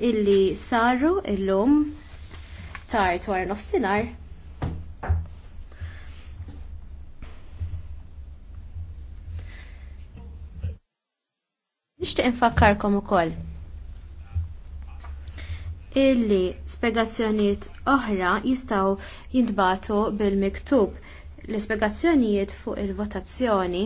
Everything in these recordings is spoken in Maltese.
illi saru illum tard twar nofsinar. Nixtieq infakkarkom ukoll illi spjegazzjonijiet oħra jistgħu jintbagħtu bil-miktub l spiegazzjonijiet fuq il-votazzjoni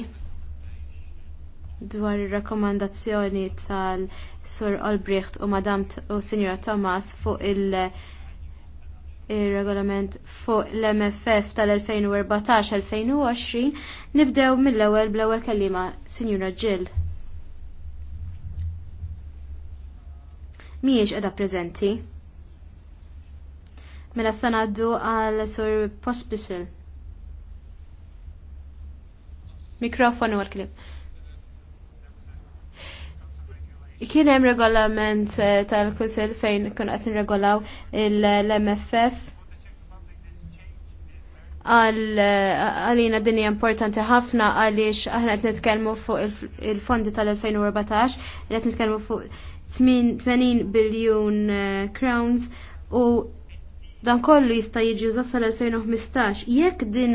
dwar ir-rakkomandazzjoni tal-Sur Albrecht u Madam u Sinjora Thomas fuq il- il-regolament fuq l-MFF tal-2014-2020 nibdew mill-ewwel bl-ewwel kellima Sinjura Jill. Mhijiex qiegħda preżenti. Mela sta ngħaddu għal Sur Pospisil. Mikrofonu għal-klib. Kien hemm regolament eh, tal-Kunsill fejn kienu qed nirregolaw l-MFF eh, għalina din hija importanti ħafna għaliex aħna qed nitkellmu fuq il-fondi tal-2014 qed nitkellmu fuq 80 biljun eh, crowns u Dan kollu jista' jiġi użat sal-2015. Jekk din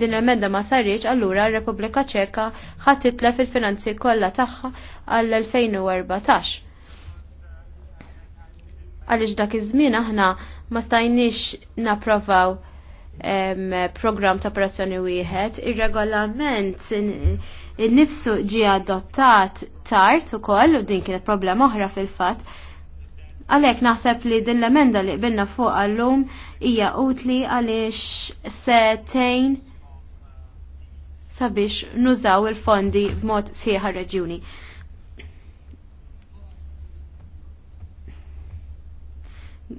din l-emenda ma sarriċ, allura r-Repubblika Ċeka ħadd titlef il-finanzi kollha tagħha għall-2014. Għaliex dak iż-żmien aħna ma stajniex napprovaw program ta' operazzjoni wieħed, ir-regolament nifsu ġi adottat tard ukoll u din kienet problema oħra fil-fatt Għalek naħseb li din l-emenda li qbilna fuq għallum hija utli għaliex setejn sabiex nużaw il-fondi b'mod sieħa reġjuni.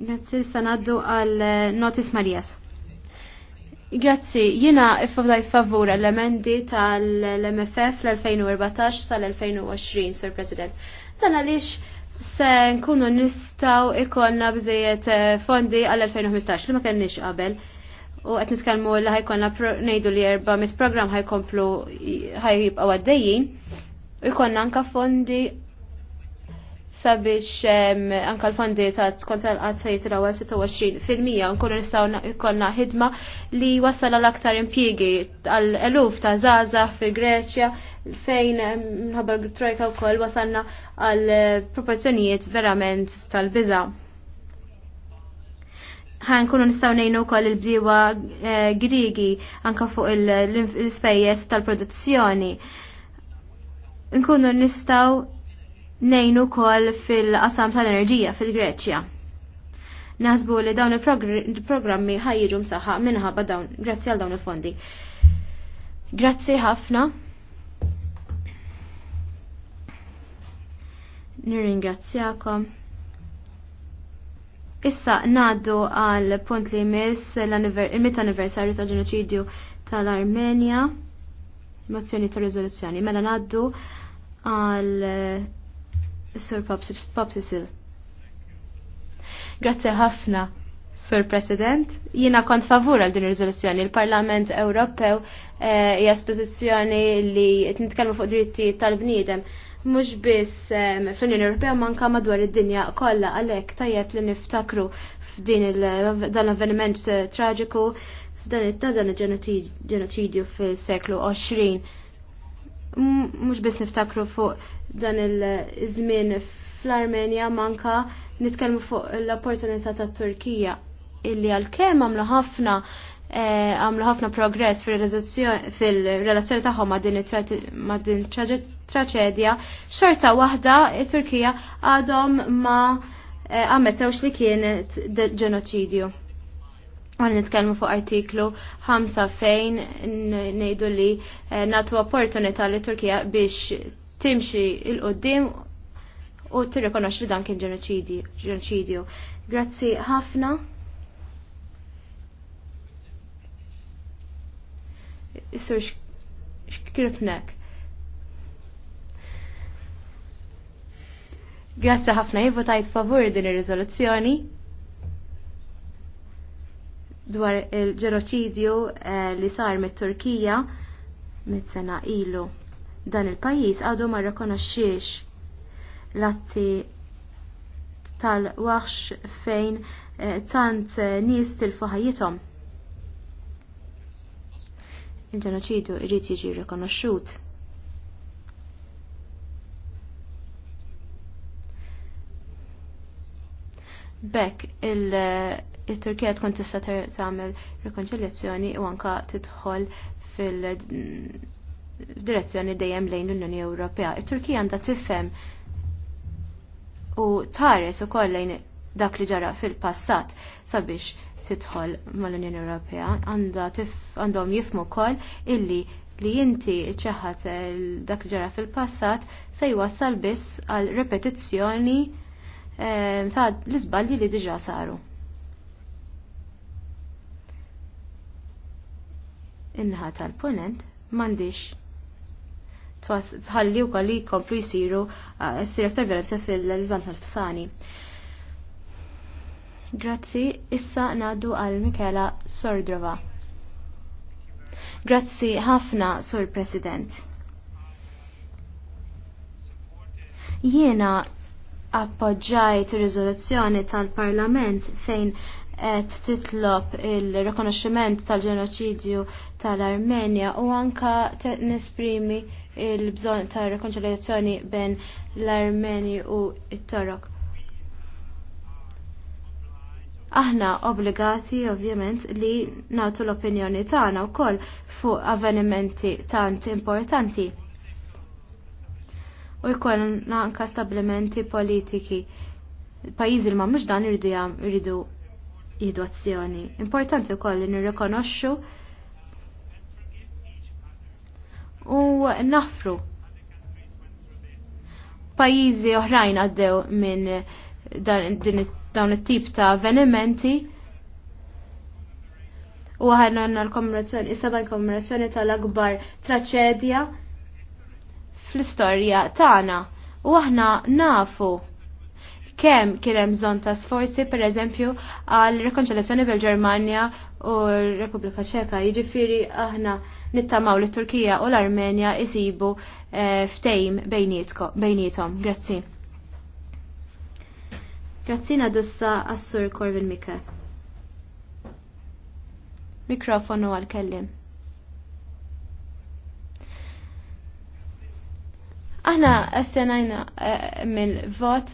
Grazzi, sanaddu għal Notis Marijas. Grazzi, jina iffavdajt favur emendi tal-MFF l-2014 sal-2020, Sur President. Dan għalix se nkunu nistaw ikonna bżejiet eh, fondi għal-2015 li ma kenniex qabel u qed nitkellmu li ħajkonna ngħidu li erba' mis program ħajkomplu ħajjibqgħu għaddejjin u jkollna anke fondi sabiex anka l-fondi ta' kontra l-qatt se jitraw 26% nkunu nistgħu jkollna ħidma li wassal għal aktar impjiegi għal eluf ta' zaza fil-Greċja fejn minħabba trojka wkoll wasalna għal proporzjonijiet verament tal-biża' ħan kunu nistaw nejnu koll il-bdiwa eh, grigi anka fuq l-spejjes tal-produzzjoni. Nkunu nistaw nejnu kol fil-qasam tal-enerġija fil-Greċja. Nasbu li dawn il-programmi ħajġu msaħħa minħabba dawn, grazzi għal dawn il-fondi. Grazzi ħafna. Nirringrazzjakom. Issa naddu għal punt li jmiss il-mit anniversarju ta' ġenoċidju tal-Armenja, mozzjoni ta' rizoluzzjoni. Mela naddu għal Sur Sil. Grazie ħafna, Sur President. Jina kont favur għal din riżoluzzjoni. Il-Parlament Ewropew eh, hija istituzzjoni li t nitkellmu fuq dritti tal-bniedem. Mhux biss eh, fl-Unjoni Ewropea kama madwar id-dinja kollha għalhekk tajjeb li niftakru f'din dan avveniment traġiku f'dan il-ġenoċidju fil-seklu 20 mhux biss niftakru fuq dan il-żmien fl-Armenja manka nitkellmu fuq l-opportunità tat-Turkija illi għalkemm għamlu ħafna eh, għamlu ħafna progress fil-relazzjoni tagħhom ma' din traċedja, xorta waħda it-Turkija għadhom ma' eh, ammettewx li kienet ġenoċidju għan nitkellmu fuq artiklu 5 fejn nejdu li eh, natu opportunità li Turkija biex timxi il-qoddim u tirrikonoxxi dan kien ġenoċidju. Grazzi ħafna. Sur xkripnek. Grazzi ħafna jivvotajt favur din ir-riżoluzzjoni dwar il-ġenoċidju eh, li sar mit-Turkija mit-sena ilu. Dan il-pajis għadu ma rekonoxiex l-atti tal-waħx fejn eh, tant eh, nies til-fuħajitom. Il-ġenoċidju irrit jiġi rekonoxxut. bekk il-Turkija tkun tista' tagħmel rekonċiljazzjoni u anka tidħol fil-direzzjoni dejjem lejn l-Unjoni Ewropea. Il-Turkija għandha tifhem u tares ukoll lejn dak li ġara fil-passat sabiex tidħol mal-Unjoni Ewropea għandha għandhom jifmu wkoll illi li inti ċeħat dak li ġara fil-passat se jwassal biss għal repetizzjoni ta' l-izballi li diġa saru. Inħa tal-ponent mandiċ tħalli u kalli komplu jisiru s-sir aktar violenza fil-vant tal-fsani. Grazzi, issa naddu għal Mikela Sordrova. Grazzi ħafna, Sur President. Jiena appoġġajt riżoluzzjoni tal-Parlament fejn qed titlob il-rikonoxximent tal-ġenoċidju tal-Armenja u anka nesprimi il-bżonn tar-rikonċiljazzjoni bejn l-Armeni u it-Torok. Aħna obbligati ovvjament li nagħtu l-opinjoni tagħna wkoll fuq avvenimenti tant importanti u jkollna anka stabbilimenti politiki. Pajjiżi li mhux dan irridu jieħdu azzjoni. Importanti wkoll li nirrikonoxxu u nafru. Pajjiżi oħrajn għaddew minn dawn it-tip ta' avvenimenti u ħarna għanna l-kommemorazzjoni, is-seba' kommemorazzjoni tal-akbar traċedja fl-istorja tagħna u aħna nafu kemm kien hemm bżonn ta' sforzi pereżempju għal rekonċiljazzjoni bil-Ġermanja u r-Repubblika Ċeka. Jiġifieri aħna nittamaw li Turkija u l-Armenja isibu eh, ftejm bejnietom. Grazzi. Grazzina dussa għassur Korvin Mike. Mikrofonu għal-kellim. Aħna assenajna eh, mill-vot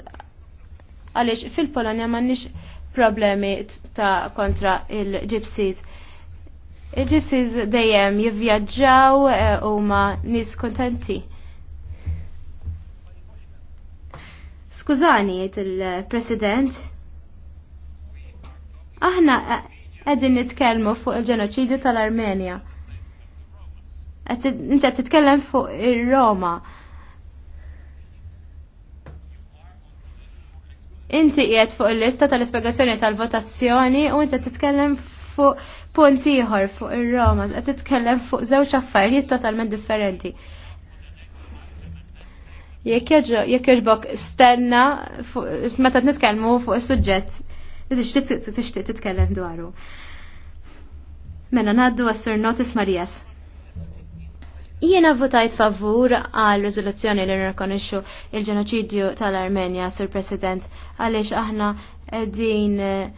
għaliex fil-Polonja m'għandniex problemi ta' kontra il ġipsis il ġipsis dejjem jivvjaġġaw eh, u ma nis kontenti. Skużani, il-President. Aħna eh, għedin nitkelmu fuq il-ġenoċidju tal-Armenja. Inti titkellem fuq il-Roma. il roma Inti qiegħed fuq il-lista tal-ispjegazzjoni tal-votazzjoni u inti titkellem fuq punt ieħor fuq ir-Roma, qed titkellem fuq żewġ affarijiet totalment differenti. Jekk jogħġbok stenna meta titkellmu fuq is-suġġett tixtieq titkellem dwaru. Mela ngħaddu għas-Sur Notis Marijas. Jiena votajt favur għal rezoluzzjoni li nirkonixxu il-ġenoċidju tal-Armenja, Sur President, għaliex aħna din eh,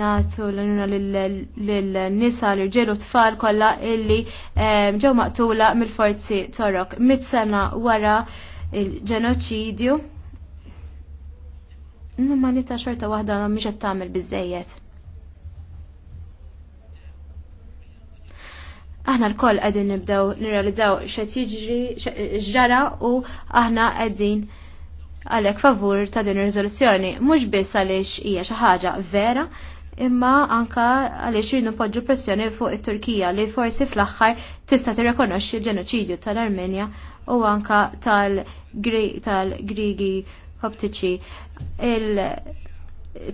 natu l-nuna l-nisa l-irġilu tfal kolla illi eh, ġew maqtula mill-forzi torok. Mit sena wara il-ġenoċidju, n-numanita xorta wahda miex tagħmel biżejjed. aħna l-koll għedin nibdew nirrealizzaw xed ġara u aħna għedin għalek favur ta' din ir-riżoluzzjoni mhux biss għaliex hija xi ħaġa vera imma anka għaliex jirnu podġu pressjoni fuq it-Turkija li forsi fl-aħħar tista' tirrikonoxxi l-ġenoċidju tal-Armenja u anka tal-Grigi tal Koptiċi.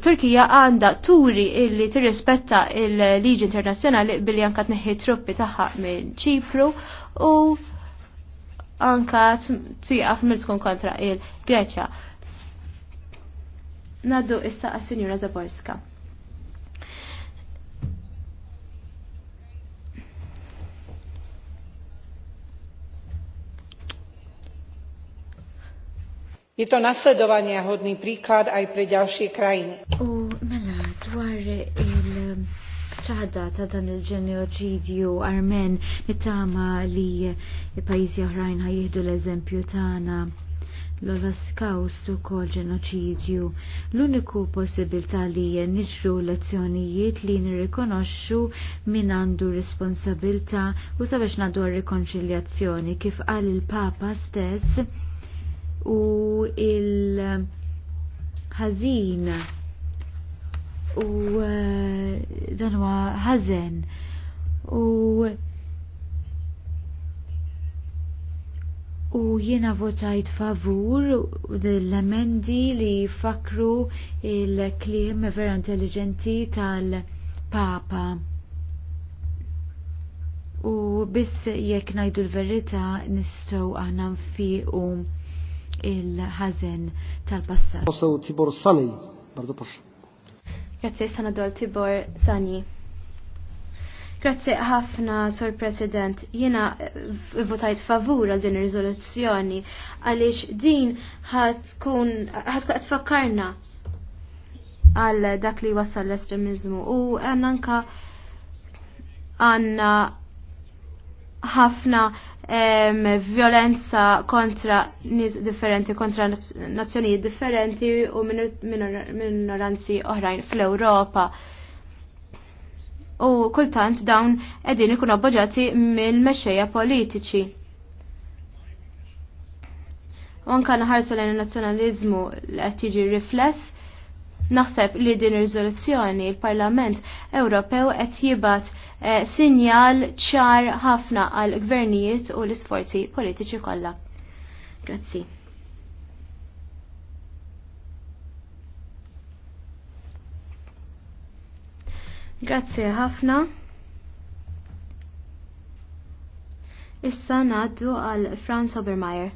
Turkija għanda turi illi tirrispetta il-liġi internazzjonali billi anka tneħħi truppi tagħha minn Ċipru u anka tieqaf mill-tkun kontra il-Greċja. Naddu issa għas-Sinjura Zaborska. Je to nasledovania hodný príklad aj pre ďalšie krajiny. U mela dwar il ċaħda ta' dan il-ġeneoċidju armen nittama li pajizi oħrajn jihdu l-eżempju tagħna l-Olaskaust u kol ġenoċidju. L-uniku possibilità li niġru lezzjonijiet li nirrikonoxxu min għandu responsabilta u sabiex nadu rekonċiljazzjoni kif qal il-Papa stess u il ħazin u eh, dan huwa ħażen u u jiena votajt favur l-emendi li fakru il-klim vera intelligenti tal-Papa u biss jekk najdu l-verita nistgħu aħna nfiqu il-ħazen tal-passat. Also Tibor Sani, bardu pux. Grazie sanadol Tibor Sani. Grazie ħafna, Sor President. Jena eh, votajt favur għal din ir-riżoluzzjoni għaliex din ħatkun ħatkun għal dak li wassal l-estremizmu u għannanka għanna ħafna violenza kontra nis differenti, kontra nazzjonijiet differenti u minoranzi oħrajn fl-Europa. U kultant dawn edin ikun abboġati minn mexxejja politiċi. U anka naħarsu l nazzjonalizmu li qed jiġi rifless Naħseb li din ir-riżoluzzjoni il-Parlament Ewropew qed jibgħat Eh, sinjal ċar ħafna għal gvernijiet u l-isforzi politiċi kollha. Grazzi. Grazzi ħafna. Issa naddu għal Franz Obermeier.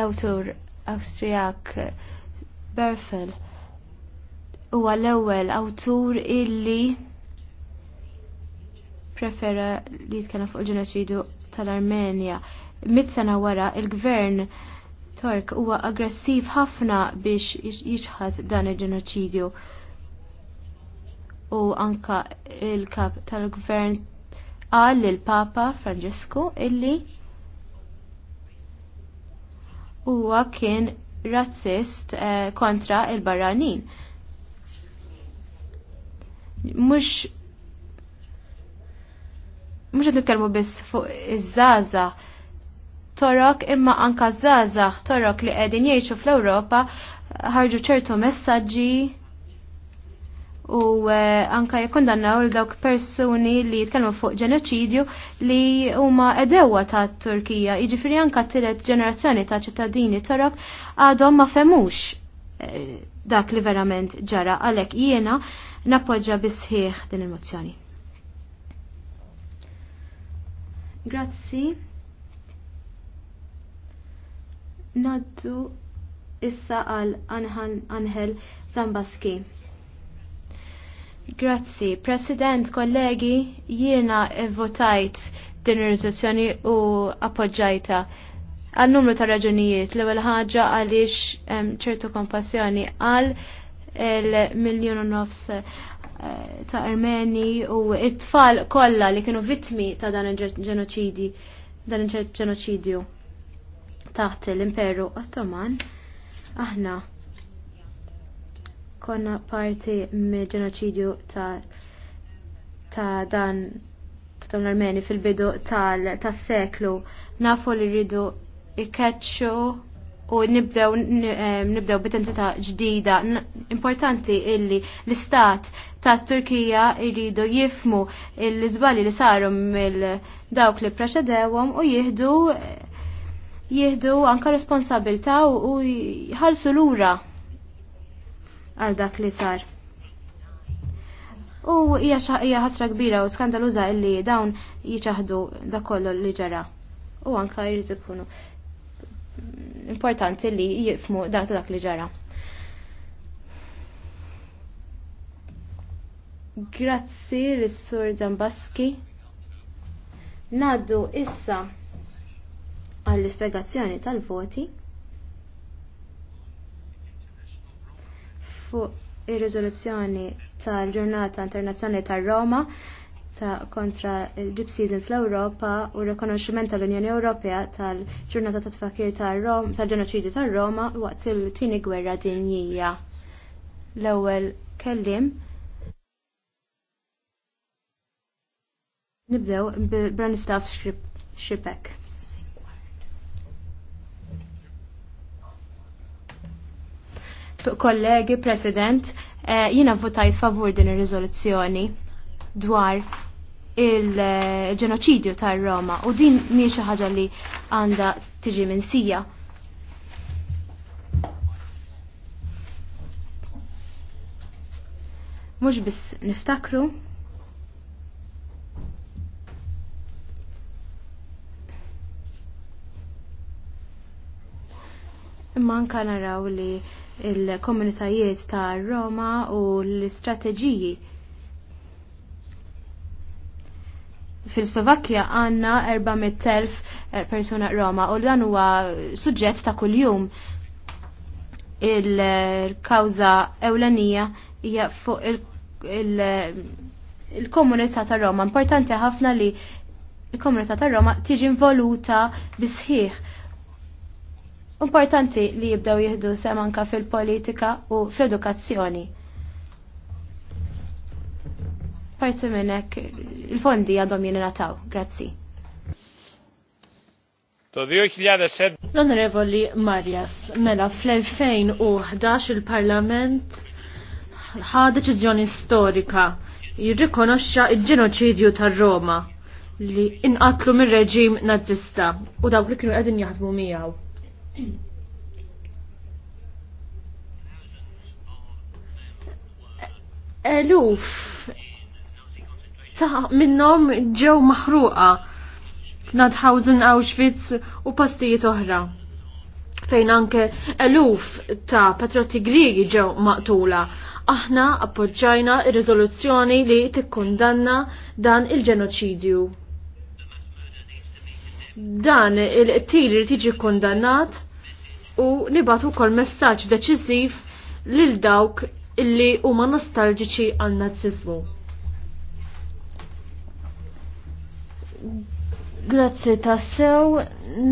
l-awtur Awstrijak Berfel huwa l-ewwel awtur illi prefera li jitkellem fuq il-ġenoċidu tal-Armenja. Mit sena wara il-gvern Tork huwa aggressiv ħafna biex jiġħad dan il-ġenoċidju u anka il-kap tal-gvern għal il-Papa Francesco illi huwa kien razzist eh, kontra il-barranin. Mux mux għed nitkelmu biss fuq iż-żaza torok imma anka żaza torok li qegħdin jgħixu fl-Ewropa ħarġu ċertu messaġġi u eh, anka jikkondannaw l dawk persuni li jitkellmu fuq ġenoċidju li huma edewa ta' Turkija. Jiġifieri anka t-tielet ġenerazzjoni ta' ċittadini Torok għadhom ma femux eh, dak li verament ġara għalhekk jiena nappoġġa bisħieħ din il-mozzjoni. Grazzi. Naddu issa għal Anhel Zambaski. Grazzi, President, kollegi, jiena votajt din ir rezzazzjoni u appoġġajta għal numru ta' raġunijiet. L-ewwel ħaġa għaliex ċertu kompassjoni għal il-miljon u nofs eh, ta' Armeni u it-tfal kollha li kienu vittmi ta' dan il-ġenoċidi dan il-ġenoċidju taħt l-Imperu Ottoman aħna konna parti mill ġenoċidju ta', ta dan ta' dawn l-Armeni fil-bidu tas-seklu. Nafu li rridu ikkeċċu u nibdew eh, nibdew b'identità ġdida. Importanti illi l-istat ta' Turkija jridu jifmu l-iżbali li saru mill dawk li preċedewhom u jihdu jihdu anka responsabilta u jħalsu lura għal dak li sar. U hija ħasra kbira u skandaluża illi dawn jiċaħdu dak kollu li ġara. U anka jrid ikunu importanti li jifmu dak dak li ġara. Grazzi l-Sur Zambaski. Naddu issa għall-ispiegazzjoni tal-voti. fuq ir-riżoluzzjoni tal-Ġurnata Internazzjonali tar-Roma ta' kontra il-Deep fl-Ewropa u r-rikonoxximent tal-Unjoni Ewropea tal-Ġurnata ta' Tfakir tal-Ġenoċidju tar-Roma waqt il-tieni gwerra dinjija. L-ewwel kellim Nibdew bil-Branislav Xipek. kollegi, President, eh, jina votajt favur din ir-riżoluzzjoni dwar il-ġenoċidju tar Roma u din mhix xi ħaġa li għandha tiġi minn sija. Mhux biss niftakru imma anka naraw li il-komunitajiet ta' Roma u l-istrateġiji. Fil-Slovakkja għanna 400.000 eh, persuna Roma u dan huwa suġġett ta' kuljum il-kawza ewlenija hija fuq il-komunità ta' Roma. Importanti ħafna li il-komunità ta' Roma tiġi involuta bisħiħ Importanti li jibdaw jihdu sem fil-politika u fl-edukazzjoni. Parti minnek il-fondi għadhom nataw. Grazzi. L-Onorevoli Marjas, mela fl-2011 il-Parlament ħa deċiżjoni storika jirrikonoxxa il-ġenoċidju tar Roma li inqatlu mir-reġim nazista u dawk li kienu qegħdin jaħdmu miegħu. Eh, eluf ta' minnom ġew maħruqa f'Nadhausen, Auschwitz u postijiet oħra fejn anke eluf ta' patrioti Griegi ġew maqtula. Aħna appoġġajna ir-riżoluzzjoni li tikkundanna dan il-ġenoċidju dan il-qtil li tiġi kondannat u nibatu kol messaġġ deċiżiv lil dawk illi huma nostalġiċi għal nazzizmu. Grazzi tassew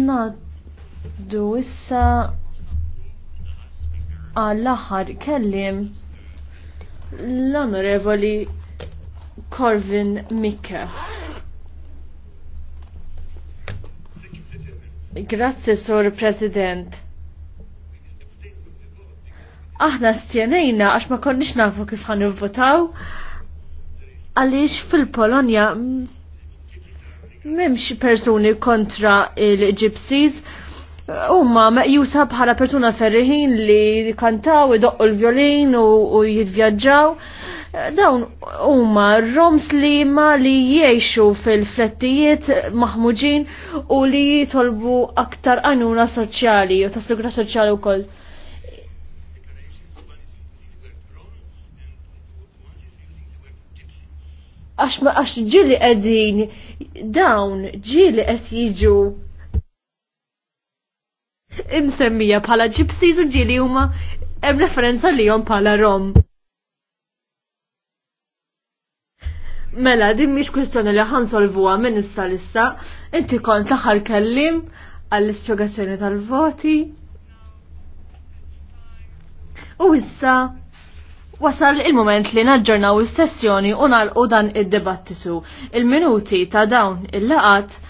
naddu issa għall-aħħar kellim l-onorevoli Corvin Mikke. Grazzi, Sur President. Aħna stjenejna għax ma konniex nafu kif ħan votaw għaliex fil-Polonja memx persuni kontra il-ġipsis Umma meqjusa bħala persuna ferriħin li kantaw, idoqqu l-violin u jivvjaġġaw. Dawn huma roms li ma li jiexu fil-flettijiet maħmuġin u li jitolbu aktar għanuna soċjali u tas sigura soċjali wkoll. Għax ma għax ġili qegħdin dawn ġili qed jiġu imsemmija bħala ġipsiż u ġili huma hemm referenza lihom bħala Rom. Mela, din mhix kwistjoni li ħansolvuha minn issa lissa, inti kont l-aħħar kellim għall-ispjegazzjoni tal-voti. U issa wasal il-moment li naġġornaw is-sessjoni u nagħlqu dan id-dibattitu. Il-minuti ta' dawn il-laqat